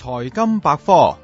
財金百科：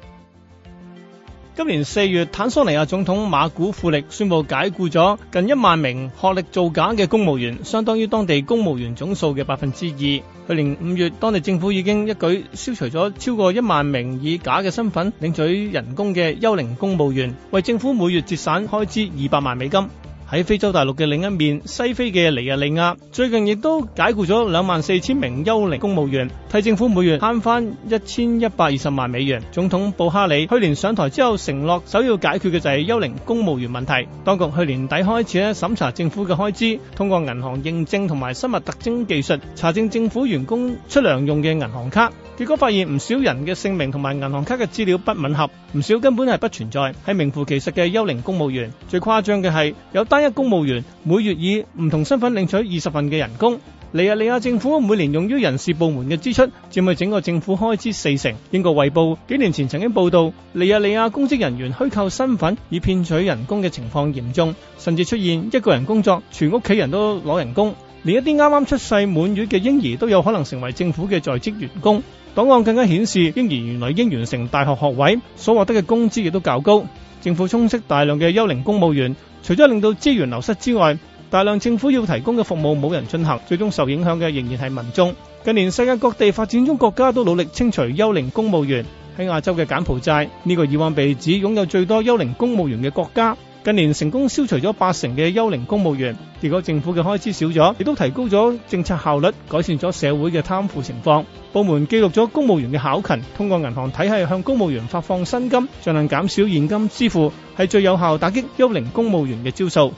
今年四月，坦桑尼亞總統馬古富力宣布解僱咗近一萬名學歷造假嘅公務員，相當於當地公務員總數嘅百分之二。去年五月，當地政府已經一舉消除咗超過一萬名以假嘅身份領取人工嘅幽靈公務員，為政府每月節省開支二百萬美金。喺非洲大陸嘅另一面，西非嘅尼日利亞最近亦都解僱咗兩萬四千名幽靈公務員，替政府每月慳翻一千一百二十萬美元。總統布哈里去年上台之後承諾首要解決嘅就係幽靈公務員問題。當局去年底開始咧審查政府嘅開支，通過銀行認證同埋生物特徵技術查證政府員工出糧用嘅銀行卡。結果發現唔少人嘅姓名同埋銀行卡嘅資料不吻合，唔少根本係不存在，係名副其實嘅幽靈公務員。最誇張嘅係，有單一公務員每月以唔同身份領取二十份嘅人工。尼日利亞政府每年用於人事部門嘅支出佔去整個政府開支四成。英國衛報幾年前曾經報道，尼日利亞公職人員虛構身份以騙取人工嘅情況嚴重，甚至出現一個人工作，全屋企人都攞人工。連一啲啱啱出世滿月嘅嬰兒都有可能成為政府嘅在職員工。檔案更加顯示，嬰兒原來應完成大學學位，所獲得嘅工資亦都較高。政府充斥大量嘅幽靈公務員，除咗令到資源流失之外，大量政府要提供嘅服務冇人進行，最終受影響嘅仍然係民眾。近年世界各地發展中國家都努力清除幽靈公務員。喺亞洲嘅柬埔寨，呢個以往被指擁有最多幽靈公務員嘅國家。近年成功消除咗八成嘅幽靈公務員，結果政府嘅開支少咗，亦都提高咗政策效率，改善咗社會嘅貪腐情況。部門記錄咗公務員嘅考勤，通過銀行體系向公務員發放薪金，盡量減少現金支付，係最有效打擊幽靈公務員嘅招數。